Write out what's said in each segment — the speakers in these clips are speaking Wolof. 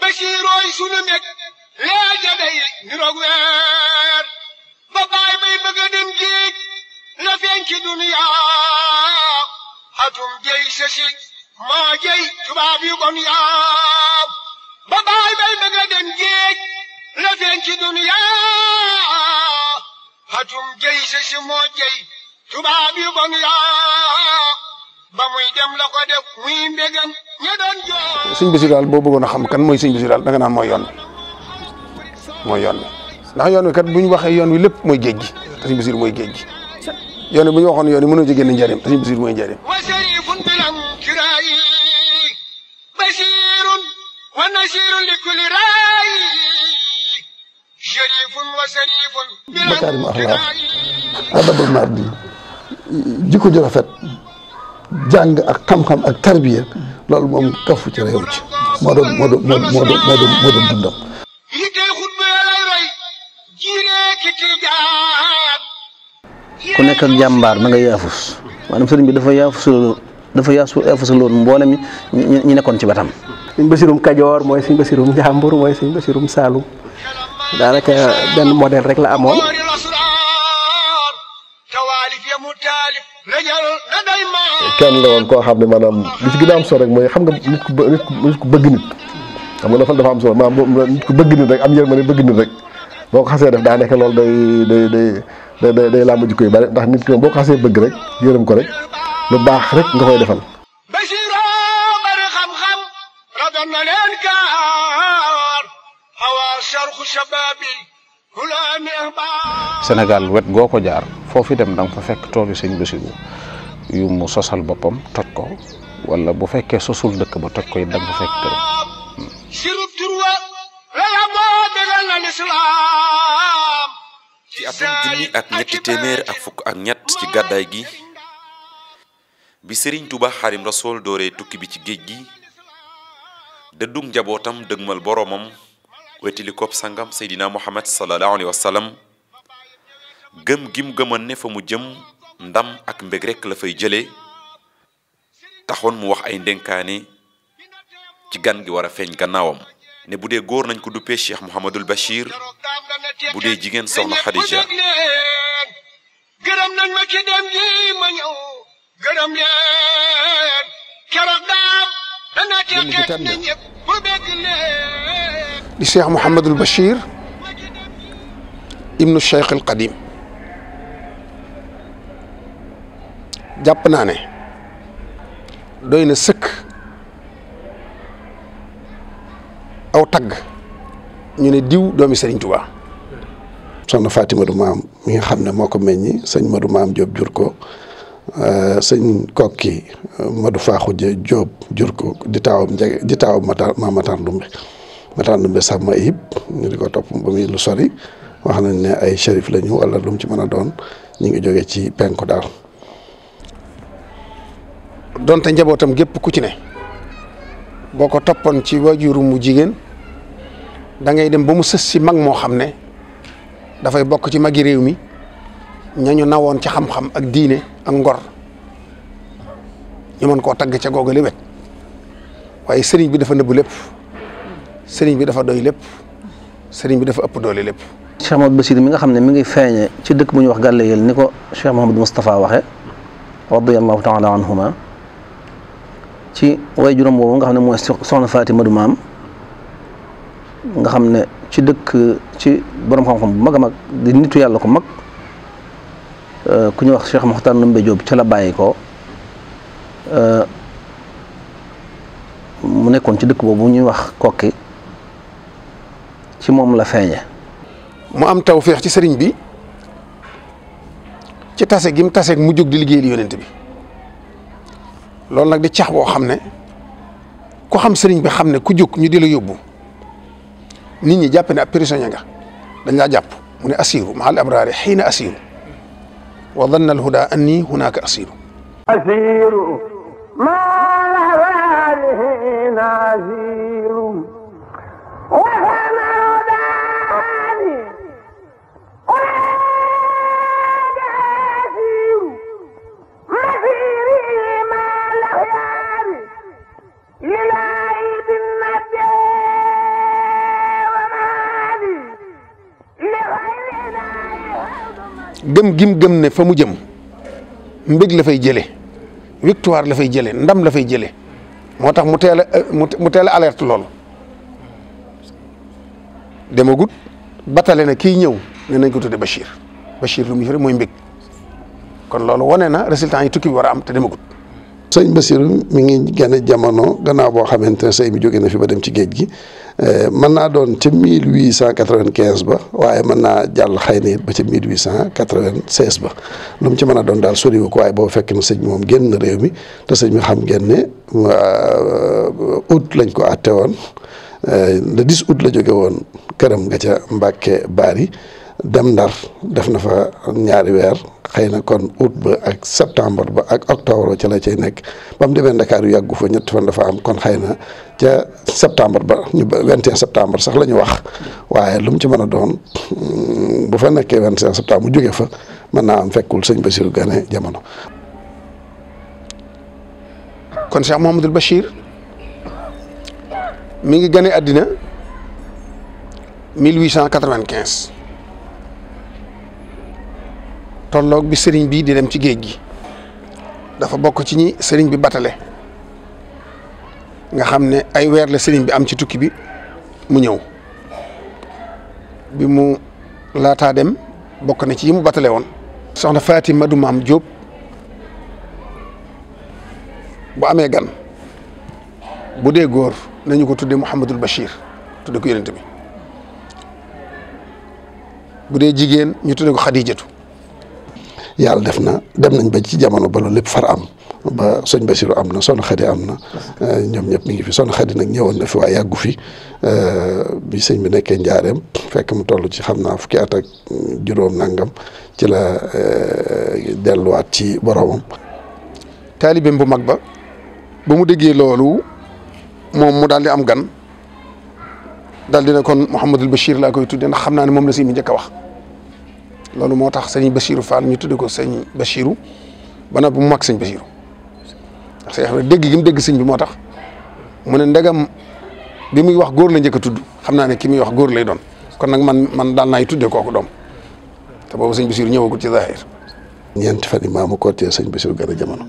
ba siirooy sunu meg yaa ja day niroog weer ba baay bay bëgg a dem géej la feeñ ci duniyaa atum jëy sësi maa jëy tubaab yu bon yaa ba baay bay bëgg a dem géej la feeñ ci duniyaa atum jëy sësi moo jëy tubaab yu bon yaa ba muy dem la ko muy mbégam ñu doon joo. sëñ Bassirou daal boo bëggoon a xam kan mooy sëñ Bassirou daal danga naan mooy yoon wi mooy yoon wi ndax yoon wi kat bu ñu waxee yoon wi lépp mooy géej gi te sëñ Bassirou mooy géej gi yoon wi bu ñu waxoon yoon wi mënoo ci génn njëriñ te wa sharifun bilam kiraayi basirun wa nasirun li raayi sharifun wa sharifun. bilam kiraayi bakaarim axlaaq adabul mardi jikko ju rafet jàng ak xam-xam ak tarbiya loolu moom kafu ci réew ci moo doon moo doon dundam ku nekk ak jàmbaar da nga yaafus maanaam sëriñ bi dafa yaafus dafa yaasu yaafusaloon mboolem ñi ñi nekkoon ci batam sëñ basirum kajoor mooy sëñ basirum njàmbur mooy sëñ basirum saalum daanaka benn modèle rek la amoon kenn la koo xam ne maanaam li ci gën a am solo rek mooy xam nga nit ku nit ku bëgg nit xam nga loolu dafa am solo maanaam nit ku bëgg nit rek am yërmande bëgg nit rek boo ko xasee def daa nekk loolu day day day day day làmb jikko ndax nit ki moom boo bëgg rek yërëm ko rek lu baax rek nga koy defal. Basiru bari xam-xam ragal na leen gaar xawaa sarxu sababi Sénégal wet goo ko jaar foofu dem da nga fa fekk toolu sëñ Basiru yu mu sosal boppam toj ko wala bu fekkee sosul dëkk ba toj ko it da fekk kër sirub ak ñetti téeméer ak fukk ak ñett ci gàddaay gi bi Serigne Touba Xaadimu Rasuul dooree tukki bi ci géej gi dëddug njabootam dëgmal boroomam wetili kopp sangam Seydina Muhammad sallallahu alayhi wa sallam gëm gim gëmoon ne fa mu jëm ndam ak mbeg rek la fay jëlee taxoon mu wax ay ndénkaane ci gan gi war a feeñ gannaawam ne bu dee góor nañ ko duppee Cheikh Mouhamadul Bachir bu dee jigéen soxna Khadija gërëm nañ ma ci dem ji ma jàpp naa ne doy na sëkk aw tagg ñu ne diw doomi Serigne Touba. soxna Fatima du maam mi nga xam ne moo ko meññi sëñ Madou maam Diop jur ko euh, sëñ kokki euh, Madou Faaxu Diop jur ko di taawam njege di taawam Matar maam Matar ñu di ko topp ba muy lu sori wax nañ ne ay shérif lañu wala lu mu ci mën a doon ñu ngi jóge ci penku daal. donte njabootam gépp ku ci ne boo ko toppoon ci waajuru mu jigéen dangay dem ba mu sës si mag moo xam ne dafay bokk ci magi réew mi ñañu woon ci xam-xam ak diine ak ngor ñu mën koo tagg ca googale wet waaye sëriñ bi dafa nëbbu lépp sëriñ bi dafa doy lépp sëriñ bi dafa ëpp doole lépp. Cheikh Mahamadou Bassir mi nga xam ne mi ngi feeñe ci dëkk bu ñuy wax Gàlleyeel ni ko Cheikh Mahamadou Moustapha waxe radiyallahu taala anhuma ci way juróom boobu nga xam ne mooy soxna Fatima du maam nga xam ne ci dëkk ci borom xam-xam bu mag mag di nitu yàlla ko mag euh, ku ñuy wax Cheikh Mokhtar Ndoumbé Diop ca la bàyyi ko euh, mu nekkoon ci dëkk boobu ñuy wax kokki ci moom la feeñe mu am tawféex ci sëriñ bi ci tase gi mu taseeg mu jóg di liggéeyal yonent bi loolu nag di cax boo xam ne ku xam sëriñ bi xam ne ku jóg ñu di la yóbbu nit ñi jàpp ne ab prisonnier nga dañ laa jàpp mu ne asiru mahal abraari xiina asiru wa danna alhuda anni hunaka asiru asiru gëm gim gëm ne fa mu jëm mbëg la fay jële victoire la fay jële ndam la fay jële moo tax mu teel a euh, mu teel a alerte loolu demagut batale na kii ñëw ne nañ ko tudde Bachir Bachir lu muy firi mooy mbég kon loolu wane na résultat yi tukki bi war a am te demagut sëñ Bachir mi ngi gane jamono gannaaw boo xamante ne sëy mi jóge na fi ba dem ci géej gi Eh, mën naa doon ca mille huit cent quatre ba waaye mën naa jàll xëy na it ba ca mille huit cent quatre-vingt-seize ba lu mu ci mën a doon daal soriwu ko waaye boo fekk na sëñ moom génn réew mi te sëñ mi xam ngeen ne euh, août lañ ko àtte woon eh, le 10 août la jóge woon këram nga ca baar yi dem ndar def na fa ñaari weer xëy na kon août ba ak septembre ba ak octobre ca la cay nekk ba mu demee Dakar yàggu fa ñett fan dafa am kon xëy na ca septembre ba ñu ba 21 septembre sax la ñu wax waaye lu mu ci mën a doon mm, bu fa nekkee 21 septembre mu jóge fa mën naa am fekkul sëñ Bassirou Gane jamono. kon Cheikh Mouhamadul Bachir mi ngi gane àddina 1895. tolloog bi sëriñ bi di dem ci géej gi dafa bokk ci ñi sëriñ bi batale nga xam ne ay weer la sëriñ bi am ci tukki bi mu ñëw bi mu laataa dem bokk na ci yi mu batale woon. soxna Fatima du maam jóob bu amee gan bu dee góor nañu ko tuddee Mouhamadul Bachir tudde ko yonent bi bu dee jigéen ñu tudde ko Xadijatu yàlla def na dem nañ ba ci jamono ba loolu lépp far am ba sëñ Basiru am na soxna Xadi am na eh, ñoom ñëpp mi ngi fi soxna Xadi nag ñëwoon na fi waaye yàggu fi eh, bi sëñ bi nekkee njaareem fekk mu tollu ci xam naa fukki at ak juróom nangam ci la eh, delluwaat ci boromam. taalibeem bu mag ba ba mu déggee loolu moom mu daal di am gan daal di ne kon Mouhamadul Bachir laa koy tuddee ndax xam naa ne moom la si mi njëkk a wax. loolu moo tax sëñ Bachirou Fall ñu tudd ko sëñ Bachirou bana bu mu mag sëñ Bachirou ndax sëñ xam ne dégg sëñ bi moo tax mu ne ndegam bi muy wax góor la njëkk tudd xam naa ne ki muy wax góor lay doon kon nag man man daal naay tuddee kooku doom te boobu sëñ Bachirou ñëwagul ci zahir ñeenti fan yi maamu kortee sañ Bassirou Gana jamono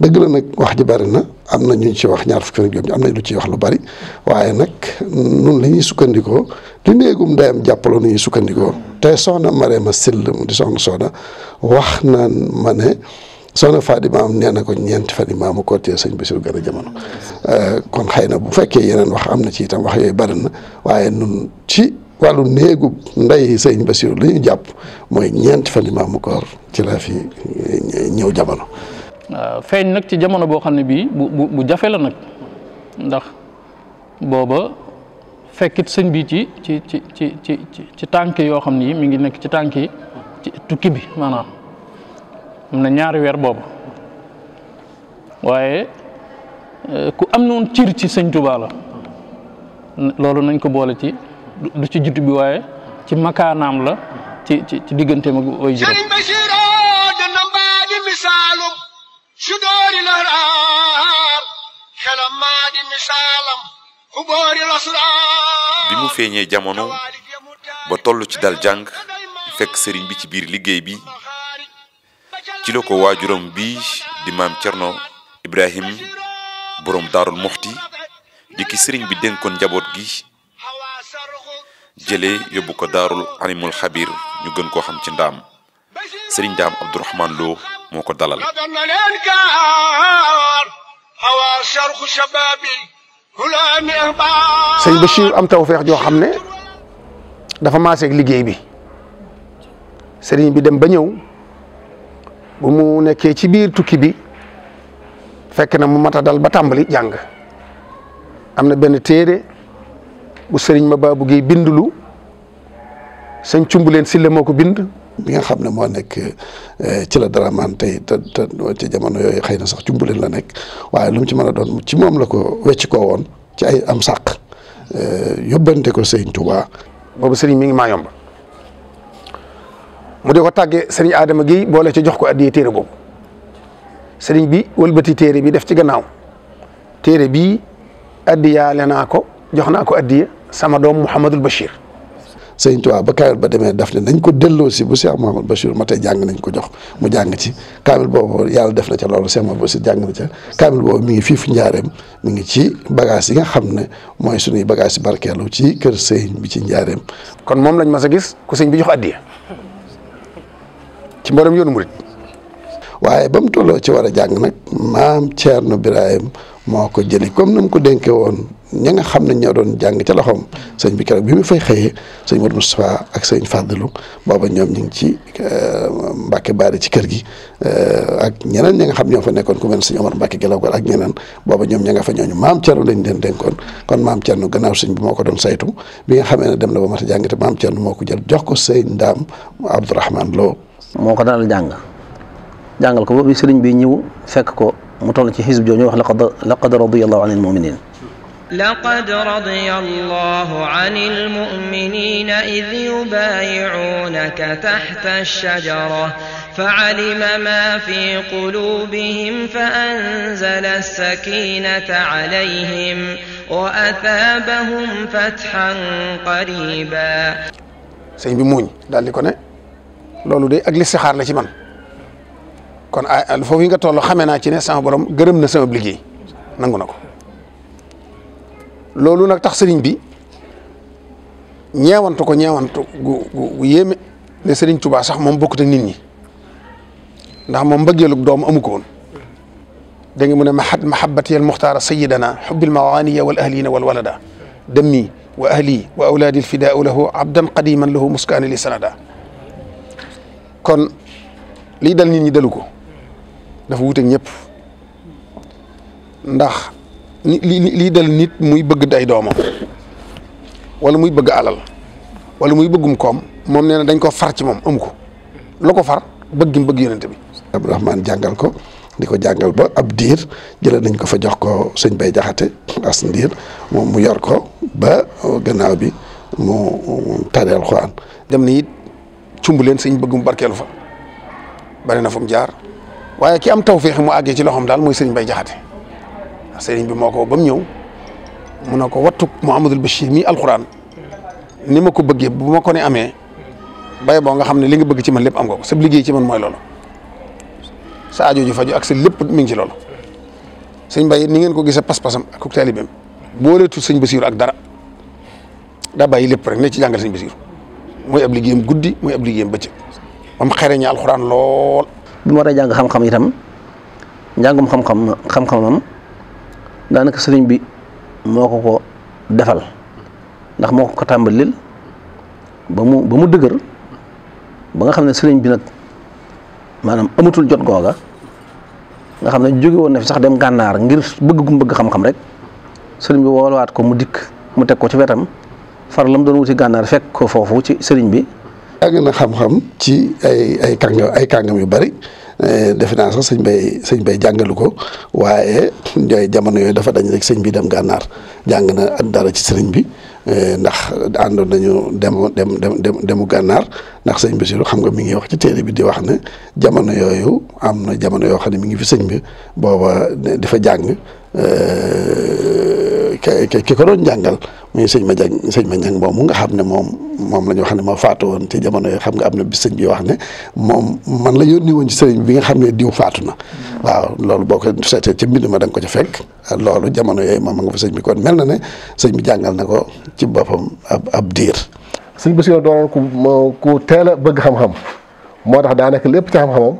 dëgg la nag wax ji bari na am na ñu ci wax ñaar fukki fan juróom am na lu ci wax lu bari waaye nag nun la ñuy sukkandikoo di néegum ndeyam jàppaloo nu ñuy sukkandikoo te soxna Marema mu di soxna soxna wax na ma ne soxna Fadima am nee na ko ñeenti fan yi maamu kortee sëñ Bassirou Gana jamono euh, kon xëy na bu fekkee yeneen wax am na ci itam wax yooyu bari na waaye nun ci wàllu néegu ndey sëñ Basiru li ñu jàpp mooy ñeenti fan yi maamu koor ci laa fi eh, ñëw jamono. Ah, feeñ nag ci jamono boo xam ne bii bu jafe la nag ndax booba fekkit sëñ bi ci ci ci ci ci ci tànk yoo xam ni mi ngi nekk ci tànk yi ci tukki bi maanaam am na ñaari weer boobu waaye eh, ku am noon cir ci sëñ Tuubaa loolu nañ ko boole ci. du ci juddu waaye ci makaanaam la ci diggante ci digganteem ak way juróom mbaa di misaalum su doori la raar di misaalam ku boori bi mu feeñee jamono ba toll ci dal jàng fekk sëriñ bi ci biir liggéey bi ci la ko waajuram bi di maam Cerno Ibrahim borom daarul moxti di ki sëriñ bi dénkoon njaboot gi jëlee yóbbu ko daarul animul xabir ñu gën koo xam ci ndaam sëriñ ndaam abdourahman loo moo ko dalal sëñ Bachir am tawfeex joo xam ne dafa maaseeg liggéey bi sëriñ bi dem ba ñëw bu mu nekkee ci biir tukki bi fekk na mu mat dal ba tàmbali jàng am na benn téere bu sëriñ ma baabu gi bindulu sëñ cumbuleen sille moo ko bind bi nga xam ne moo nekk euh, ci la daramaan tey te te jamono yooyu xëy na sax cumbuleen la nekk waaye lu mu ci mën a doon ci moom la ko wecc koo woon ci ay am sàq euh, yóbbante ko sëriñ Tuubaa boobu sëriñ mi ngi maa yomba mu di ko tàggee sëriñ Adama gi boole ci jox ko addiyee téere boobu sëriñ bi wëlbati téere bi def ci gannaaw téere bii addiyaale naa ko jox naa ko addiya sama doom Mouhamadul Bachir. sëñ Tuubaa ba kaamil ba demee daf ne nañ ko delloo si bu Cheikh Mouhamadou Bachir ma tey jàng nañ ko jox mu jàng ci kaamil boobu yàlla def na ca loolu Cheikh Mouhamadou Bachir jàng na ca kaamil boobu mi ngi fii fi njaareem mu ngi ci bagage yi nga xam ne mooy suñuy bagage yi barkeelu ci kër sëñ bi ci njaareem kon moom lañ ma sa gis ku sëñ bi jox addiya ci mboolem yoonu murit waaye ba mu tolloo ci war a jàng nag maam Thierno Birahim moo ko jëli comme ni ko dénkee woon ña nga xam ne ñoo doon jàng ca loxoom sëñ bi keroog bi mu fay xëyee sëñ Modou Moustapha ak sëñ Fadilou booba ñoom ñu ngi ci euh, Mbacke Baari ci kër gi euh, ak ñeneen ña nga xam ñoo fa nekkoon ku mel ne sëñ Omar Mbacke ak ñeneen booba ñoom ña nga maam Thierno lañ leen dénkoon kon maam Thierno gannaaw sëñ bi moo ko doon saytu bi nga xamee ne dem na ba mat a jàng te maam Thierno moo ko jal jox ko sëñ Ndaam Abdourahmane loo moo ko daal jàng jàngal ko boobu sëriñ bi ñëw fekk ko mu toll ci xisb jooju ñu wax laqad laqad radiyallahu anil muminin لقد رضي الله عن المؤمنين إذ يبايعونك تحت الشجرة فعلم ما في قلوبهم فأنزل السكينة عليهم وأثابهم فتحا قريبا sëñ bi muuñ daal di ko ne loolu de ak listixaar la ci man kon ah, foofu yi nga toll xamee naa ci ne sama borom gërëm na sama liggéey nangu na ko loolu nag tax sëriñ bi ñeewantu ko ñeewantu gu gu yéeme ne sëriñ Tuubaa sax moom bokkut ak nit ñi ndax moom mbëggeelug doom amu ko woon da nga mu ne mahat mahabbati al muxtaara sayidana xubbil mawaaniya wal ahlina wal walada dammi wa ahli wa awlaadi alfidaau lahu abdan qadiman lahu muskaani li sanada kon li dal nit ñi dalu ko dafa wuuteeg ñëpp ndax lii lii dal nit muy bëgg day doomam wala muy bëgg alal wala muy bëggum koom moom nee na dañ ko far ci moom am ko lu ko far bëggim bëgg yonent bi Abdourahmane jàngal ko di ko jàngal ba ab diir jëlee nañ ko fa jox ko sëñ bay jaxate as ndiir moom mu yor ko ba gannaaw bi mu tareel xuraan dem na it cumb leen sëñ bëggum barkeelu fa bari na fu mu jaar waaye ki am tawféex mu àggee ci loxoom daal mooy sëñ bay jaxate sëriñ bi moo ko ba mu ñëw mu ne ko wattuk Mouhamadul Bachir mii alxuraan ni ma ko bëggee bu ma ko ne amee bay boo nga xam ne li nga bëgg ci man lépp am nga ko sa liggéey ci man mooy loolu sa aajo ju faju ak sa lépp mi ngi ci lool sëñ Mbaye ni ngeen ko gisee pas-pasam ak ak taalibeem booleetul sëñ Basiir ak dara daa bay lépp rek ne ci jàngal sëñ Basiir mooy ab liggéeyam guddi mooy ab liggéeyam bëccëg ba mu xereñe alxuraan lool. bi mu war a jàng xam-xam itam njàngum xam-xam xam daanaka sëriñ bi moo ko ko defal ndax moo ko ko tàmbalil ba mu ba mu dëgër ba nga xam ne sëriñ bi nag maanaam amatul jot googa nga xam ne jóge woon na fi sax dem gànnaar ngir bëgg gum bëgg xam-xam rek sëriñ bi woolawaat ko mu dikk mu teg ko ci wetam far la mu doon wuti gànnaar fekk ko foofu ci sëriñ bi. yaa na xam-xam ci ay ay kàngam ay kàngam yu bari. Eh, defe naa sax sëñ bay jàngalu ko waaye ñooy jamono yooyu dafa dañ rek sëñ bi dem gànnaar jàng na at dara ci sëriñ bi eh, ndax ànd nañu dem dem dem demu gànnaar ndax sëñ Bassirou xam nga mi ngi wax ci téere bi di wax na jamono yooyu am na jamono yoo xam ne mi ngi fi sëñ bi booba dafa jàng. Eh, ki ko doon jàngal muy sëñ ma jàng sëñ ma ñang moom mu nga xam ne moom moom la ñu wax ne moo faatu woon ci jamono yoo xam nga am na bis sëñ bi wax ne moom man la yónni woon ci sëriñ bi nga xam ne diw faatu na waaw loolu boo ko seetee ci mbind ma da nga ko ci fekk loolu jamono yooyu moom ma nga fa sëñ bi kon mel na ne sëñ bi jàngal na ko ci boppam ab ab diir sëñ Bassirou doonoon ku ku teel a bëgg xam-xam moo tax daanaka lépp ci xam-xamam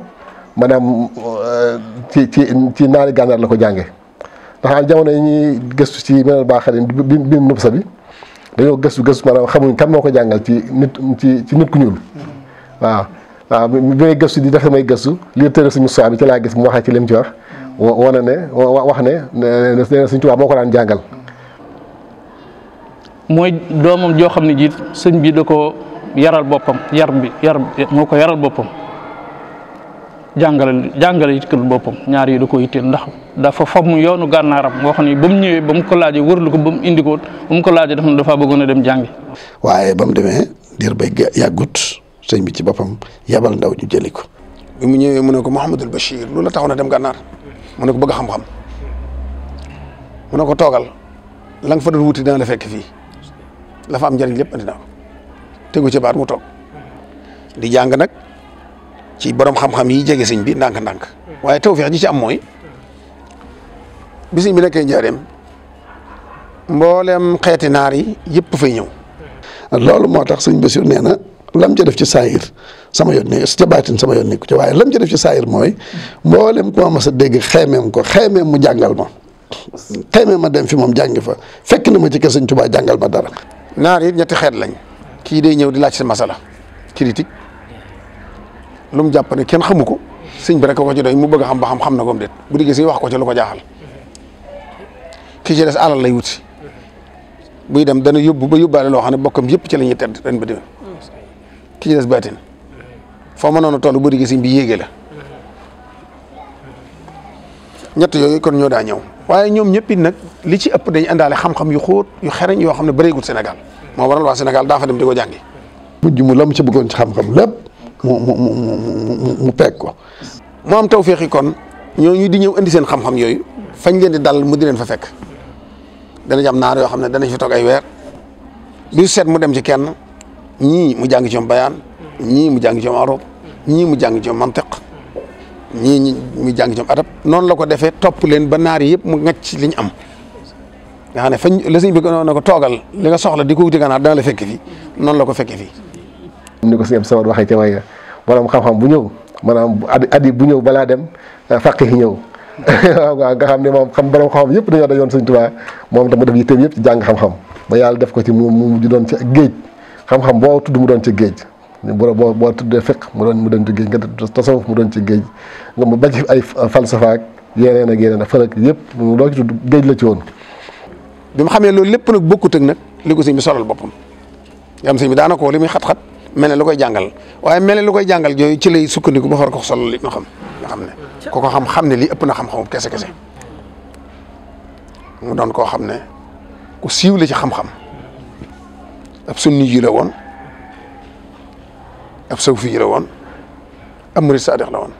maanaam euh, ci ci ci naari gànnaar la ko jànge ndax jamono yi ñuy gëstu ci meneen baaxarin bi bi nëb sa bi dañoo gëstu gëstu maanaam xamuñ kan moo ko jàngal ci nit ci ci nit ku ñuul waaw waaw bi may gëstu di def may gëstu li tëral suñu soix bi ci laa gis mu waxee ci lim ci wax wane ne wax ne nee na suñ tubaab moo ko daan jàngal mooy doomam joo xam ne jiit sëñ bi da ko yaral boppam yar bi yar moo ko yaral boppam jàngale jàngale kër boppam ñaar yi da ko yitteel ndax dafa fomm yoonu gànnaaram boo xam ne ba mu ñëwee ba mu ko laajee wërlu ko ba mu indi ko ko laajee dafa dafa bëggoon a dem jàngi. waaye ba mu demee diir bay yàggut sëñ bi ci boppam yabal ndaw ñu jëli ko. mu ñëwee mu ne ko Mouhamadul Bachir lu la taxoon a dem gànnaar mu ne ko bëgg xam-xam mu ne ko toogal la nga fa doon wuti dana la fekk fii la fa am njëriñ lépp andi naa tegu ci baat mu toog di jàng nag. ci boroom xam-xam yi jege sëñ bi ndànk-ndànk waaye tawfeex ji ci am mooy bi sëñ bi nekkee njaareem mboolem xeeti naar yi yëpp fay ñëw. loolu moo tax sëñ Basiir nee na lam ca def ci saayir sama yoon ne ca baatin sama yoon nekku ci waaye lam ci def ci saayir mooy mboolem ku ma mas dégg xeemeem ko xeemeem mu jàngal ma. xeemeem ma dem fi moom jàngi fa fekk na ma ci kër sëñ Tuubaa jàngal ma dara. naar yi ñetti xeet lañ. kii day ñëw di laaj seen masala critique lu mu ne kenn xamu ko sëñ bi rek ko ci doy mu bëgg xam ba xam xam na ko déet bu diggee si wax ko ci lu ko jaaxal kii ci des alal lay wuti buy dem dana yóbbu ba yóbbaale loo xam ne bokkam yëpp ci la ñuy tedd ren ba déwén ki ci des baatin foo mënoon a toll bu diggee sëñ bi yéege la ñett yooyu kon ñoo daa ñëw waaye ñoom ñëpp it nag li ci ëpp dañ àndaale xam-xam yu xóot yu xereñ yoo xam ne bëreegul senegal moo waral waa Sénégal daa fa dem di ko jàngi. mujj mu ci bëggoon ci xam lépp. mu mu mu mu mu peeg ko. mu am tawféex yi kon ñooñu di ñëw indi seen xam-xam yooyu fañ leen di dal mu di leen fa fekk danañ am naar yoo xam ne danañ fi toog ay weer bi seet mu dem ci kenn ñii mu jàng ci ñoom bayaan ñii mu jàng ci ñoom arab ñii mu jàng ci ñoom mantiq ñii mu jàng ci ñoom adab noonu la ko defee topp leen ba naar yëpp mu ngacc li ñu am. nga xam ne fañ la sëñ bi gënoon na ko toogal li nga soxla di ko wuti gànnaar dana la fekk fii noonu la ko fekkee fii. ni ko sëñ Sawar waxee ca waaye borom xam-xam bu ñëw maanaam addi bu ñëw balaa dem ah, faqih ñëw waaw waaw nga xam ne moom xam borom xam-xam yëpp dañoo dajoon sëñ Tuubaa moom itam mu def yitteem yëpp ci xam-xam ba yàlla def ko ci mu mu doon ci géej xam-xam boo tudd mu doon ci géej boo boo boo tuddee fiq mu doon mu doon ci géej nga tasawuf mu doon ci géej nga mu ba ci ay falsafa ak yeneen ak yeneen ak fële yëpp loo ci tudd géej la ci woon. bi xamee loolu lépp nag bokkut ak nag li ko sëñ bi solal boppam yam sëñ bi daanaka li muy xat-xat mel ne lu koy jàngal waaye mel ne lu koy jàngal yooyu ci lay sukkandiku ba far ko solo li nga xam nga xam ne ku ko xam xam ne lii ëpp na xam-xamu kese kese mu doon koo xam ne ku siiw la ci xam-xam ab sunni ji woon ab sawfi ji la woon ab murid la woon.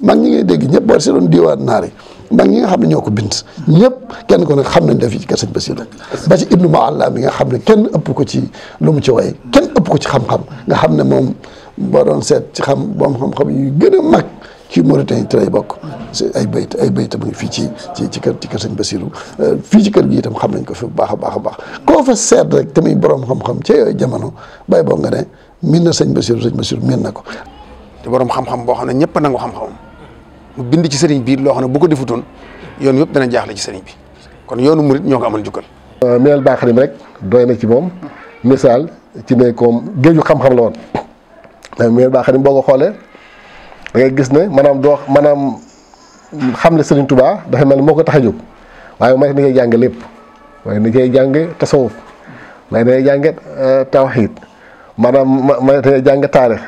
mag ñi ngay dégg ñëpp war si doon diwaan naar yi mag ñi nga xam ne ñoo ko bind ñëpp kenn ko nag xam nañ def ci kër sëñ Basiru ba ci ibnu Maalla mi nga xam ne kenn ëpp ko ci lu mu ci way ëpp ko ci xam-xam nga xam ne moom boo doon seet ci xam boom xam-xam yu gën a mag ci Mauritanie te lay bokk ay bayt ay bayt mu fii ci ci ci kër ci kër sëñ Basiru euh, fii ci kër gi itam xam nañ ko fi bu baax a baax a baax koo fa seet rek te muy borom xam-xam ca yooyu jamono bay boo nga ne min na sëñ Basiru sëñ Basiru min na ko te borom xam-xam boo xam ne ñëpp nangu xam-xamam mu bind ci sëriñ bi loo xam ne bu ko defutoon yoonu yëpp dana jaaxle ci sëriñ bi kon yoonu murit ñoo ko amal jukkal. Minal euh, Bakhrim rek doy na ci moom misaal ci ne comme géeju xam-xam la woon Minal Bakhrim boo ko xoolee da gis ne maanaam doo maanaam xam ne sëriñ tubaa dafa mel ni moo ko tax a jóg waaye mooy ni ngay jàng lépp waaye ni ngay jàng tasawuf mooy ni ngay jàng euh, tawxiid maanaam mooy ni ngay taarix.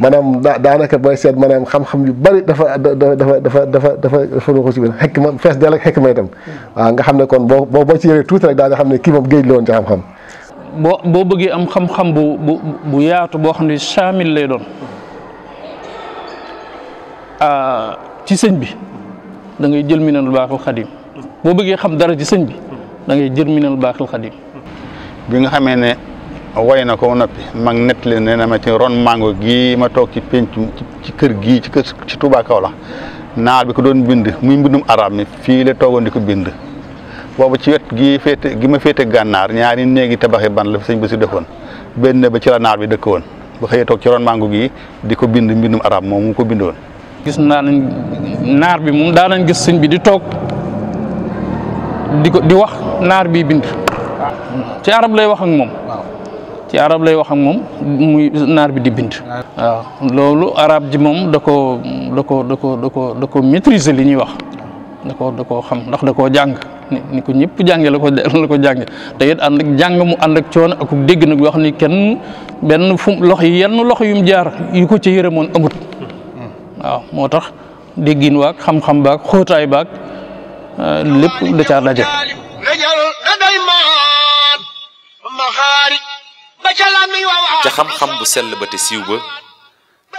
maanaam daanaka booy seet maanaam xam-xam yu bari dafa dafa dafa dafa dafa dafa dafa ko ci biir xekk ma fees del ak xekk may dem waaw nga xam ne kon boo boo boo ci yëree tuuti rek daa nga xam ne kii moom géej la woon ci xam-xam boo boo bëggee am xam-xam bu bu bu yaatu boo xam ne saamil lay doon ah, ci sëñ bi da ngay jël minal baaxul xadim boo bëggee xam dara ci sëñ bi da ngay jël minal baaxul xadim bi nga xamee ne woy na ko ba noppi mag nett leen nee na ma ci ron mango gii ma toog ci penc ci kër gii ci kër ci Touba la naar bi ko doon bind muy mbindum arab mi fii la toogoon di ko bind boobu ci wet gi féete gi ma féete gànnaar ñaari néegi tabaxi ban la fi sëñ bi si benn ba ci la bi dëkk woon ba xëyee toog di ko bind mbindum arab moom mu ko bind gis naa nañ naar bi moom daa nañ gis sëñ bi di toog di ko di wax naar bi bind ci arab lay wax ak moom ci arab lay wax ak moom muy naar bi di bind. waaw loolu arab ji moom da koo da koo da koo koo da li ñuy wax da koo da koo xam ndax da koo jàng ni ko ñëpp jàngee la ko la ko jàngee te it ànd ak jàng mu ànd ak coono ak dégg nag wax ni kenn benn fu loxo yi yenn loxo yum jaar yu ko ci yërëmoon amut waaw moo tax déggin waag xam-xam baag xóotaay baag euh, lépp da caa daje. Ah. ca xam-xam bu sell ba te siiw ba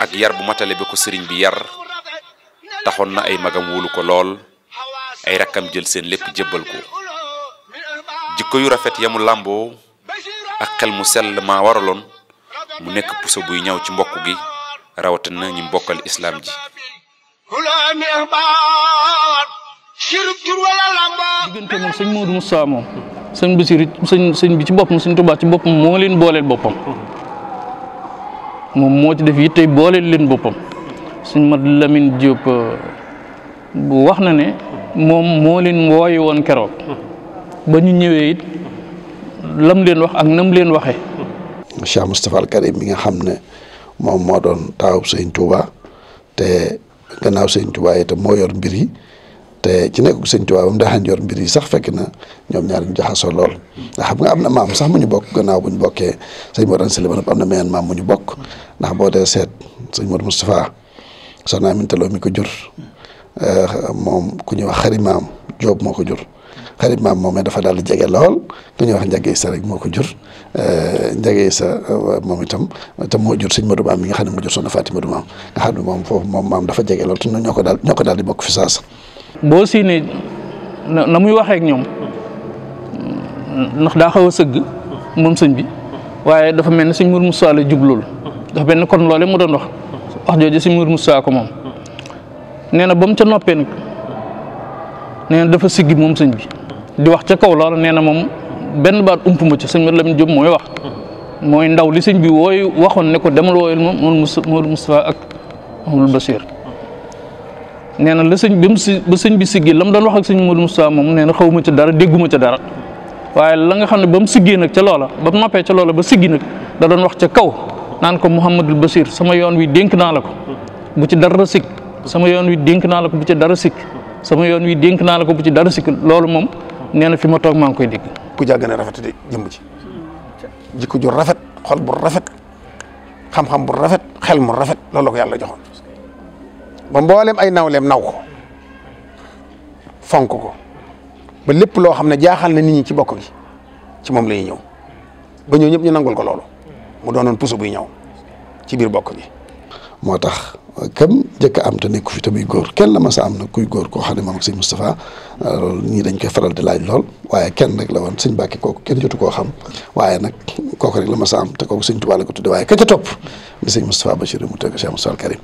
ak yar bu matale ba ko sëriñ bi yar taxoon na ay magam wóolu ko lool ay rakkam jël seen lépp jébbal ko jikko yu rafet yamu làmboo ak xel mu sell maa waraloon mu nekk puso buy ñaw ci mbokk gi na ñi mbokkal islaam ji diggante moom sëñ Moodu Musaa moom sëñ Basiir it sëñ sëñ bi ci boppam sëñ Tuubaa ci boppam moo leen booleel boppam moom moo ci def it tey booleel leen boppam sëñ Mat Lamin Jóob euh, wax na ne moom moo leen wooyi woon keroog ba ñu ñëwee it lam leen wax ak nam leen waxee. Cheikh Moustapha Al Karim mi nga xam ne moom moo doon taaw sëñ Tuubaa te gannaaw sëñ Tuubaa itam moo yor mbir te ci nekkug sëñ Tuubaa bam daaxan yor mbir yi sax fekk na ñoom ñaar ñu jaxasoo lool ndax xam nga am na maam sax mu ñu bokk gannaaw bu ñu bokkee sëñ Mor Anta Sali ba am na meneen maam ñu bokk ndax boo dee seet sëñ Mor Moustapha soxna Aminta Lo mi ko jur eh, moom ku ñuy wax xarit maam Joob moo ko jur xarit maam moomee dafa daal di jege lool ku ñuy wax njagey sa rek moo ko jur eh, njagey sa eh, moom itam te moo jur sëñ Modou Maam mi nga xam ne moo jur soxna Fatima Modou Maam nga xam ne moom foofu moom maam dafa jege lool te ñoo ko daal ñoo ko daal di boo siinee na muy waxeek ñoom ndax daa xaw a sëgg moom sëñ bi waaye dafa mel ne sëñ Mour Moussa la jublu dafa mel ne kon loole mu doon wax wax jooju sëñ Mour Moussa moom nee na ba mu ca noppee nag nee dafa sigg moom sëñ bi di wax ca kaw loola nee na moom benn baat ump ma ci sëñ Mour Lamine Diop mooy wax mooy ndaw li sëñ bi wooy waxoon ne ko demal wooyul moom Mour Moustapha ak Mouhamadou Bachir nee na la sëñ bi mu ba sëñ bi siggee la mu doon wax ak sëñ Modou Moustapha moom nee na xaw ma ca dara dégguma ca dara waaye la nga xam ne ba mu siggee nag ca loola ba mu noppee ca loola ba siggi nag da doon wax ca kaw naan ko Mouhamadul Basir sama yoon wi dénk naa la ko bu ci dara sikk sama yoon wi dénk naa la ko bu ci dara sikk sama yoon wi dénk naa la ko bu ci dara sikk loolu moom nee fi ma toog maa ngi koy dégg. ku jàgg ne rafet di jëmb ci jikko ju rafet xol bu rafet xam-xam bu rafet xel mu rafet loolu yàlla joxoon. ba mboolem ay nawleem naw ko fonk ko ba lépp loo xam ne jaaxal na nit ñi ci bokk gi ci moom la ñuy ñëw ba ñëw ñëpp ñu nangul ko loolu mu doonoon puso buy ñëw ci biir bokk gi. moo tax kam njëkk am te nekku fi te muy góor kenn ma sa am nag kuy góor koo xam ne moom ak sëñ Moustapha euh, loolu ñii dañ koy faral di laaj lool waaye kenn rek la woon sëñ Mbàkke kooku kenn jotu koo xam waaye nag kooku rek la ma sa am te kooku sëñ Tuubaa la ko tudde waaye ka ca topp di sëñ Moustapha Bachir mu teg Cheikh Moustapha Karim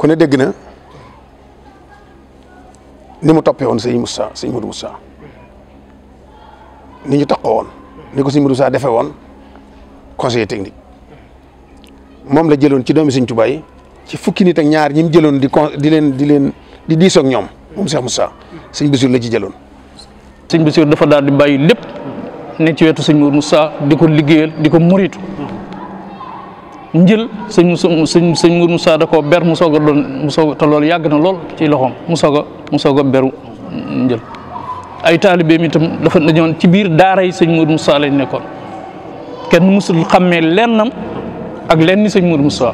kon ne dégg na ni mu toppee woon sëñ Moussa sëñ Modou saa ni ñu taxoo woon ni ko sëñ Modou Moussa defee woon conseiller technique moom la jëloon ci doomi sëñ Tuubaa yi ci fukki nit ak ñaar ñi jëloon di con di leen di leen di diisoo ak ñoom moom Cheikh Moussa sëñ Bassirou la ci jëloon. sëñ Bassirou dafa daal di bàyyi lépp ne ci wetu sëñ mu Moussa di ko liggéeyal di ko muritu njël sëñ mu sëñ sëñ Mourou Moussa koo ber mu soog a doon mu soog te loolu yàgg na lool ci loxoom mu soog mu soog a beru njël. ay taalibeem itam dafa dañoon ci biir daara yi sëñ Mourou Moussa lañ nekkoon kenn mu musul xàmmee lennam ak lenn sëñ Mourou Moussa.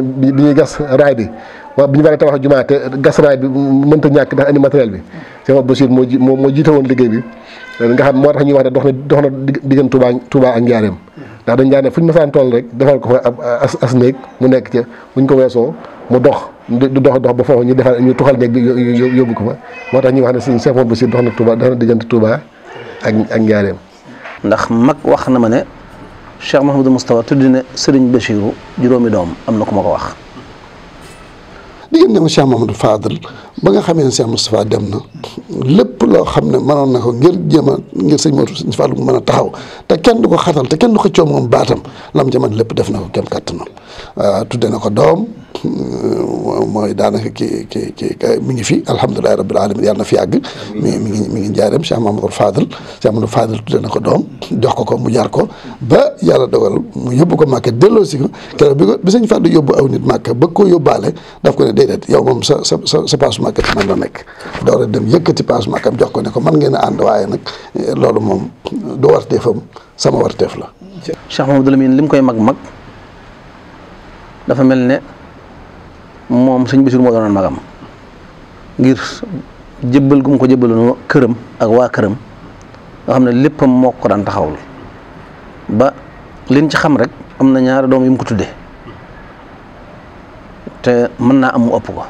bi ñuy gas raay bi waaw bi ñu war a tabax jumaa te gas raay bi mënta ñàkk ndax andi matériel bi Cheikh Bachir moo ji moo jiite woon liggéey bi nga xam moo tax ñuy wax ne dox na dox na diggante Touba ak Njaareem. ndax dañ daan fu ñu masaan toll rek defal ko fa ab as as néeg mu nekk ca buñ ko weesoo mu dox du dox dox ba foofu ñu defal ñu tuxal néeg bi yóbbu ko fa moo tax ñu wax ne suñu Cheikh Mouhamed Bachir dox na Touba dox na diggante ak ak ndax mag wax na ma ne Cheikh Mouhamadou Moustapha tudd na Serigne Bachirou juróomi doom am na ku ma ko wax diggante ma Cheikh Mouhamadou Fadel ba nga xamee ne Cheikh Moustapha dem na lépp loo xam ne mënoon na ko ngir jéem ngir sëñ Moodu Sëñ Fallu mën a taxaw te kenn du ko xatal te kenn du ko coow moom baatam lam ca lépp def na ko kem kàttanam euh, tudde na ko doom euh, mooy daanaka ki ki ki mu ngi fi alhamdulilahi rabbil alamin yàlla na fi àgg mi ngi mi ngi njaareem Cheikh Mamadou Fadal Cheikh Mamadou Fadal tudde na ko doom jox ko ko mu jaar ko ba yàlla dogal mu yóbbu ko Màkka delloo si ko keroog bi ko bi sëñ Fallu yóbbu aw nit Màkka bëgg koo yóbbaale daf ko ne déedéet yow moom sa sa sa sa Màkka ci nan la nekk door a jox ko ne ko mën ngeen a ànd eh, moom du warteefam la. Cheikh Mamadou Lamine koy mag mag dafa mel ne moom sëñ Basiru moo doonoon magam ngir jëbbal gum mu ko jëbbaloon këram ak waa këram nga xam ne léppam mook ko daan taxawul ba liñ ci xam rek am na ñaari doom yu ko tudde te mën naa am mu ëpp ko.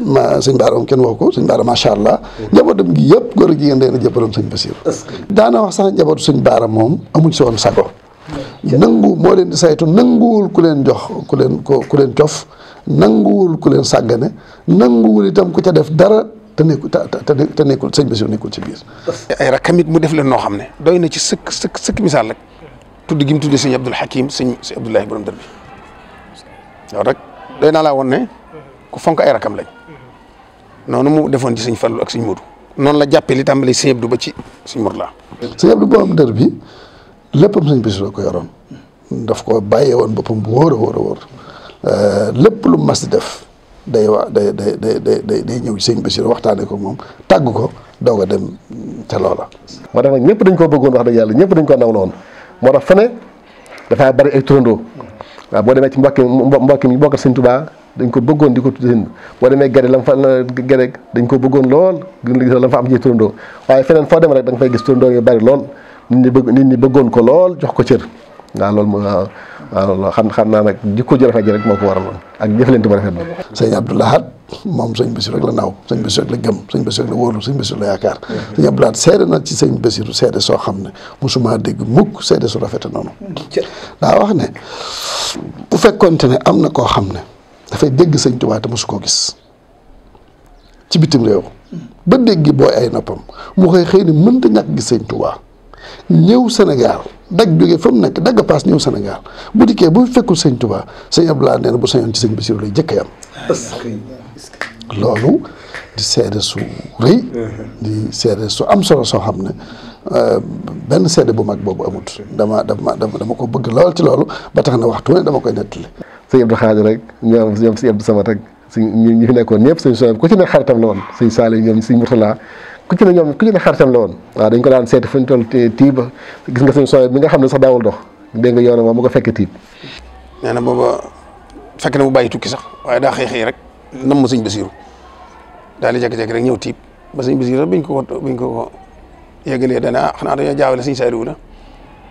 ma sëñ Baara moom kenn waxu ko sëñ Baara macha allah. njabootam gi yëpp góor ak jigéen day na jëppaloon sëñ Basiir. daana wax sax njabootu sëñ Baara moom amuñ si woon sago. nangu moo leen di saytu nanguwul ku leen jox ku leen ko ku leen cof nanguwul ku leen sàggane nanguwul itam ku ca def dara te nekkul te nekkul sëñ Basiir nekkul ci biir. ay rakamit mu def leen noo xam ne doy na ci sëkk sëkk sëkk misaal rek. tudd gi mu tudd sëñ Abdul Hakim sëñ sëñ Abdoulahi borom dër bi loolu rek doy naa laa woon noonu mu defoon ci sëñ Fallu ak sëñ Moodu noonu la jàppee li tàmbali sëñ Abdu ba ci sëñ Moodu laa. sëñ Abdu borom bi léppam sëñ ko yoroon daf ko bàyyee woon boppam bu wóor a wóor a wóor euh, lépp lu mas def day wa day day day day day ñëw ci sëñ Bisiru waxtaanee ko moom tàgg ko doog a dem ca loola. moo tax nag ñëpp dañ koo bëggoon wax dëgg yàlla ñëpp dañ koo nawla woon moo tax fane dafaa bari ay turandoo waaw boo demee ci mbokk mbokk mi bokkal sëñ Tuubaa dañ ko bëggoon di ko tudde seen boo demee gere la fa gere dañ ko bëggoon lool gis am ci turandoo waaye feneen foo dem rek da nga fay gis turandoo yu bari bëgg nit ñi bëggoon ko lool jox ko cër waaw loolu mooy waaw xam xam naa nag jikko ju rafet ji rek moo ko waraloon ak jëflante bu rafet bi. sëñ Abdou Lahad rek la naaw sëñ Bassirou rek la gëm sëñ Bassirou rek la wóolu sëñ Bassirou la yaakaar. sëñ Abdou Lahad seede na ci sëñ Bassirou soo xam ne mosuma dégg mukk seede su rafete noonu. daa wax ne bu fekkonte ne am na koo xam ne dafay dégg sëñ Tuubaa te mosu koo gis ci bitim réew ba dégg booy ay noppam mu koy xëy ni mënta ñàkk gis sëñ Tuubaa ñëw Sénégal daj jógee fa mu nekk dagg paas ñëw Sénégal bu dikkee bu fekkul sëñ Tuubaa sëñ Abdoulaye nee na bu sañoon ci sëñ Bassirou lay jëkkee am loolu di seede su rëy di seede su am solo soo xam ne euh, benn seede bu mag boobu amut dama dama dama ko bëgg lool ci loolu ba tax na waxtu ne dama koy nettali sëñ Abdou Xaadir rek ñoom ñoom sëñ Abdou suñ ñi fi nekkoon ñëpp so ku ci ne xaritam la woon suñ saali ñoom suñ Murtala ku ci xaritam la woon waaw dañ ko daan seeti fu ñu toll tiib gis nga suñ so bi nga xam ne sax daawul dox dégg nga yoona moom mu ko fekkee tiib nee na booba fekk na mu bàyyi tukki sax waaye daa xëy xëy rek nam ma sëñ Basiru daal di jékki-jékki rek ñëw tiib ba sëñ Basiru biñ ko biñ ko yëgalee dana ah xanaa dañoo jaawale sëñ Saaliwu la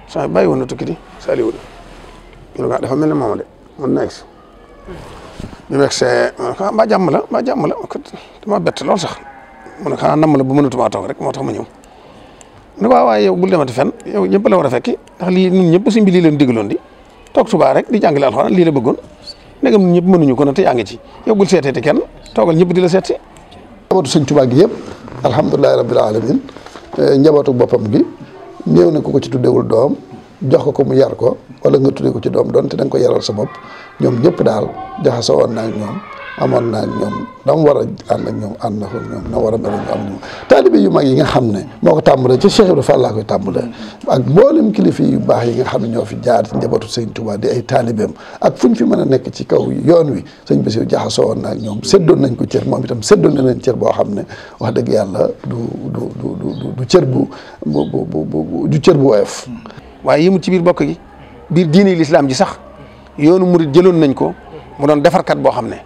sa bàyyi woon na tukki di Saaliwu la ah, dafa mel ne moom de man naa gis bi ma egsee ma ah, jàmm la ma jàmm la dama bett lool sax mu ne xanaa ah, nam la bu mënatumaa toog rek moo tax ma ñëw mu ne waaw ah, waaye yow bul demati fenn yow ñëpp la war a fekki ndax lii ñun ñëpp suñ bi lii leen di toog subaa rek di jàngale alxuraan lii la bëggoon ndegam ñun ñëpp mënuñu ko na te yaa ngi ci yow bul te kenn toogal ñëpp di la seet si njabootu sëñ gi yëpp alhamdulilahi rabbil alamin eh, njabootu boppam gi néew na ku ko ci tuddewul doom jox ko ko mu yar ko wala nga tuddee ko ci doom donte da nga ko yaral sa bopp ñoom ñëpp daal jaxasoo woon naa ñoom amoon naa ñoom dama war a ànd ñoom ànd na ko ñoom dama a mel yu mag yi nga xam ne moo ko tàmbalee ci Cheikh Ibrahima Fall laa koy tàmbalee ak mboolem kilifa yu baax yi nga xam ne ñoo fi jaar ci njabootu sëñ Touba di ay taalibeem ak fu ñu fi mën a nekk ci kaw yoon wi sëñ Bassirou jaxasoo woon ak ñoom séddoon nañ ko cër moom itam séddoon nañ leen cër boo xam ne wax dëgg yàlla du du du cër bu bu bu du cër bu woyof waaye yi ci biir bokk gi biir diini lislaam ji sax yoonu murit jëloon nañ ko mu doon defarkat boo xam ne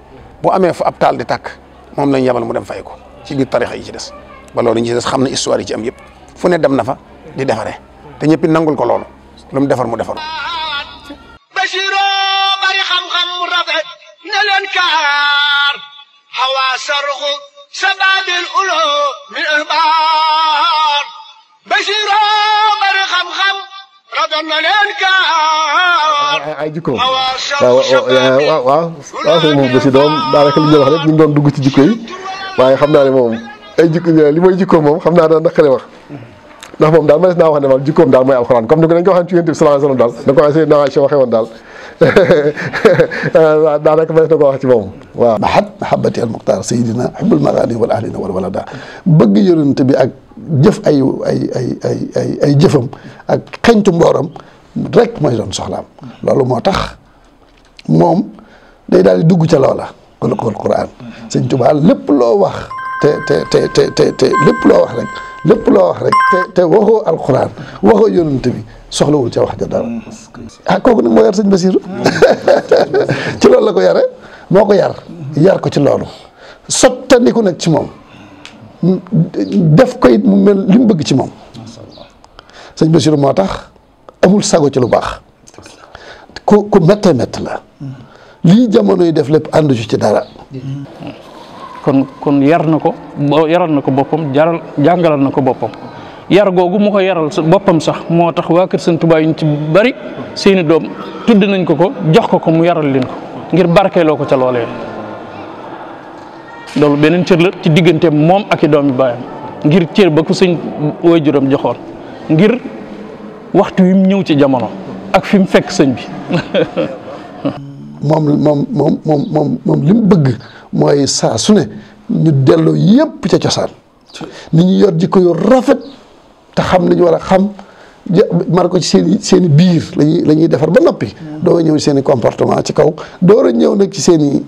boo amee fa ab taal di tàkk moom lañ yabal mu dem fay ko ci biir tarixa yi ci des ba loolu ñu ci des xam ne histoire ci am yépp fu ne dem na fa di defaree te ñëpp nangul ko loolu lu mu defar mu defaru basiro bari xam-xam ay jikkoom waaw waaw waaw waaw moom si doom daanaka li ñu wax rek ñu doon dugg ci jikko waaye xam naa ne moom ay jikko li mooy jikkoom moom xam naa daan naqare wax ndax moom daal ma naa wax ne ma jikkoom daal mooy alxuraan comme ni ko dañ ko waxee ci yonent bi sallallahu alayhi wasallam daal da ko waxee Seydina Aïcha waxee woon daal waaw daanaka ma na ko wax ci moom waaw mahat mahabati al muxtaar sayidina xubul magaani wal ahlina wal walada bëgg yonent bi ak jëf ay ay ay ay ay ay jëfam ak xeñtu mbooram rek mooy doon soxlaam loolu moo tax moom day daal di dugg ca loola kul quraan sëñ Tuubaa lépp loo wax te te te te te lépp loo wax rek lépp loo wax rek te waxoo alxuraan waxoo yonent bi soxlawul ca wax ja dara ah kooku nag moo yar sëñ Basiiru ci loolu la ko yare moo ko yar yar ko ci loolu sottandiku nag ci moom def ko it mu mel li mu bëgg ci moom sëñ Basiiru moo tax amul sago ci lu baax ku ku métte métt la lii jamono yi def lépp àndu ci dara kon kon yar na ko yaral na ko boppam jaral jàngalal na ko boppam yar googu mu ko yaral boppam sax moo tax waa kër Sëñ Tuubaa yi ñu ci bari seeni doom tudd nañ ko ko jox ko ko mu yaral leen ko ngir barkeeloo ko ca loolee loolu beneen cër la ci digganteem moom ak i doomi baayam ngir cër ba ko sëñ waajuram joxoon ngir waxtu wi mu ñëw ci jamono ak fi mu fekk sëñ bi moom moom moom moom bëgg mooy saa su ne ñu delloo yépp ca cosaan ni ñu yor jikko yu rafet te xam li ñu war a xam mar ko ci seen seen i biir lañuy la ñuy defar ba noppi doo ñëw seeni i comportement ci kaw door a ñëw nag ci seeni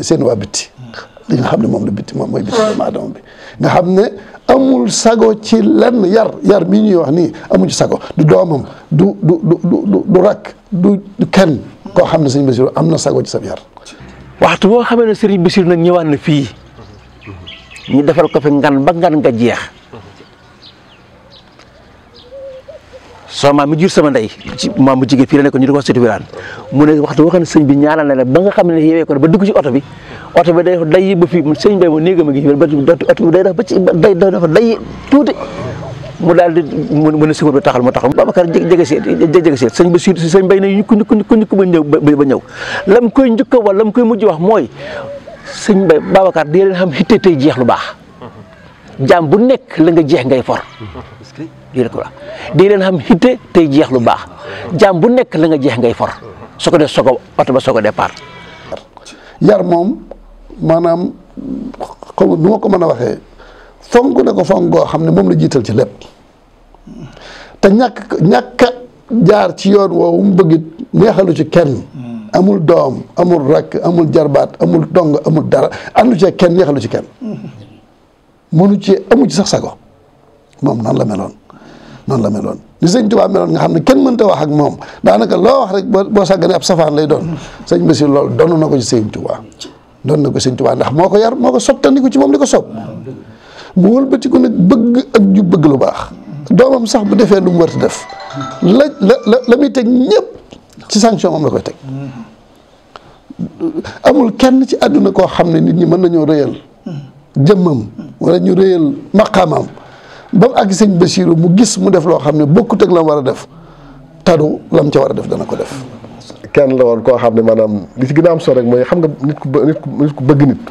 i seen waa bitti li nga xam ne moom la bitti moom mooy bitti doomu aadama bi nga xam ne amul sago ci lenn yar yar mii ñuy wax nii amul ci sago du doomam du du du du rakk du kenn koo xam ne sëñ Basiru am na sago ci sa yar waxtu boo xamee ne Serigne Bassirou nag ñëwaat na fii ñu defal ko fi ngan ba ngan nga jeex soo maam mi jur sama ndey ci maam bu jigéen fii ñu di ko wax mu ne waxtu boo xam ne bi ñaanal na la ba nga xam ne yeewee ko ba dugg ci oto bi oto bi day day ba fii sëñ bi ma néegam a ngi ba oto day def ba ci day dafa day tuuti mu daal di mu ne sifur bi taxal mu taxal Babacar jege seet jege seet sëñ ba si sëñ bay ne ñukku ñukku ñukku ñukku ba ñëw ba ñëw lam koy njëkk a wala lam koy mujj wax mooy sëñ ba Babacar di leen xam hitte tey jeex lu baax jaam bu nekk la nga jeex ngay for ko wax di leen xam tey jeex lu baax jaam bu nekk la nga jeex ngay for soo de def soo ba soo ko départ yar moom maanaam comme du ma ko mën a waxee fonk na ko fonk goo xam ne moom la jiital ci lépp te ñàkk ñàkk jaar ci yoon woowu mu bëgg it neexalu ci kenn. Hmm. amul doom amul rakk amul jarbaat amul dong amul dara àndu ci kenn neexalu ci kenn. Hmm. mënu ci amu ci sax sago moom noonu la meloon noonu la meloon li sëñ Tuubaa meloon nga xam ne kenn mënta wax ak moom daanaka loo wax rek boo boo sàgganee ab safaan lay doon. Hmm. sëñ Basiru loolu doon na ko ci sëñ Tuubaa doon na ko sëñ Tuubaa ndax moo ko yar moo ko soppandiku ci moom li ko sopp mu ko nag bëgg ak ju bëgg lu baax. doomam sax bu defee lu mu war a def la la la muy teg ñëpp ci sanction moom la koy teg amul kenn ci àdduna koo xam ne nit ñi mën nañoo rëyal jëmmam wala ñu rëyal maqaamam ba mu àgg sëñ Basiiru mu gis mu def loo xam ne bokkut ak la mu war a def tadu lam ca war a def dana ko def kenn la woon koo xam ne maanaam li ci gën a am solo rek mooy xam nga nit ku nit ku bëgg nit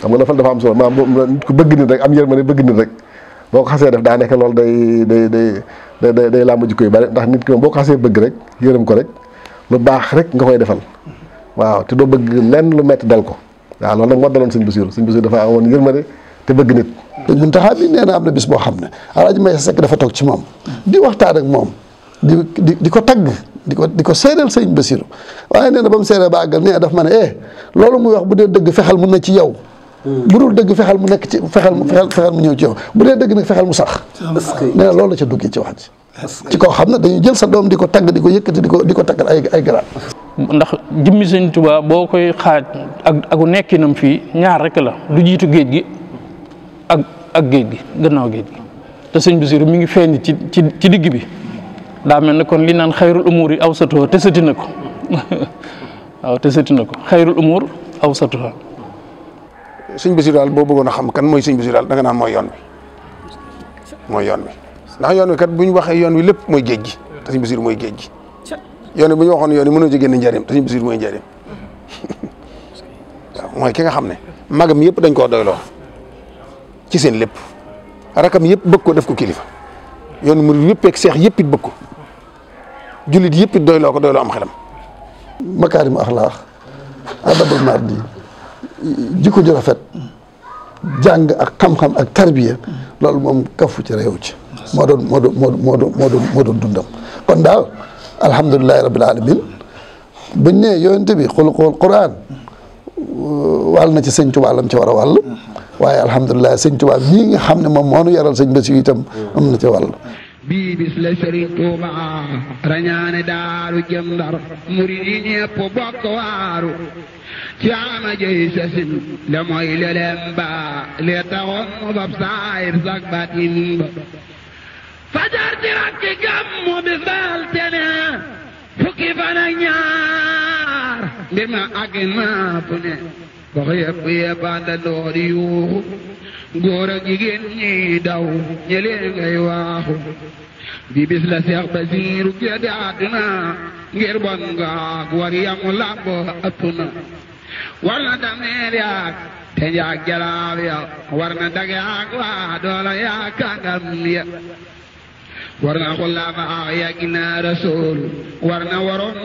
xam nga dafa dafa am solo maanaam nit ku bëgg nit rek am ne bëgg nit rek boo ko xasee def daa nekk loolu day day day day day làmb jikko yu bari ndax nit ki moom boo ko xasee bëgg rek yërëm ko rek lu baax rek nga koy defal waaw te doo bëgg lenn lu metti dal ko waaw loolu nag moo daloon sëñ Basiru sëñ Basiru dafa amoon yërmande te bëgg nit sëñ Muntaxa bi nee na am na bis boo xam ne Alaaji May Sekk dafa toog ci moom di waxtaan ak moom di di di ko tagg di ko di ko seedeel sëñ Basiru waaye nee na ba mu seedeel ba àggal nee daf ma ne eh loolu muy wax bu dee dëgg fexal mun na ci yow Hmm. bu dul dëgg fexeel mu nekk ci fexeel mu ñëw ci yow bu dee dëgg nag fexeel mu sax. nee na loolu la ca duggee ci wax ji. ci koo xam ne dañuy jël sa doom di ko tagg di ko yëkkati di ko di ko taggal ay ay ndax jimmi sëñ Tuubaa boo koy xaaj ak aku nam fii ñaar rek la du jiitu géej gi ak géej gi gannaaw géej gi te sëñ Basiru mi ngi feeñ ci ci ci digg bi daa mel ne kon li naan xayrul umur yi aw satoo te sëti na ko waaw te sëti na ko xayrul umur aw satoo sëñ Basiru daal boo bëggoon xam kan mooy sëñ Basiru daal danga naan mooy yoon wi mooy yoon wi ndax yoon wi kat bu ñu waxee yoon wi lépp mooy géej gi mooy géej gi yoon wi bu ñu waxoon yoon wi mënoo ci génn njëriñ te sëñ Basiru mooy njëriñ mooy ki nga xam ne magam yëpp dañ koo doyloo ci seen lépp rakam yëpp bëgg ko def ko kilifa yoon murid yëpp ak seex yëpp it bëgg ko jullit yëpp it doyloo ko doyloo am xelam. makaarimu axlaax adabul mardi jikko ju rafet jàng ak xam ak tarbiya loolu moom kafu ci réew ci moo doon moo moo doon moo moo doon dundam kon daal alhamdulilahi rabbil alamin buñ nee yonente bi xuluqul quran wàll na ci sëñ Tuubaa lam ci war a wàll waaye alhamdulilah sëñ Tuubaa mii xam ne moom moo nu yaral sëñ Basiru itam am na ci wàll bii la sëriñ Tuuba rañaane daaru jëm Ndar murid yi ñëpp bokk waaru ci ama jëy sasin da mooy leleem ba lee taxoon mu fab saayir sak baatin ba fajar di rakki gàmmu bi faal tene fukki fan ak ñaar mbir ma ak napp ne gox yëpp yëpp àndandoo di yuuxu góor ak jigéen ñi daw ñëlee ngay waaxu bi bis la seex basiiru gédde àdduna ngir bon ngaak war yamu làmb ëpp na war na dameer yaak te njaag jalaab ya war dag yaak waa doola yaak kàngam ya war na xulaama aa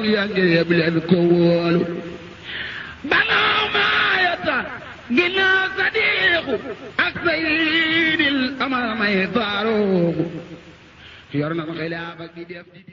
ya leen ko wóolu maayata ginaa sadiixu ak sayiidil amaamay faaruuku yor na xilaafa gi def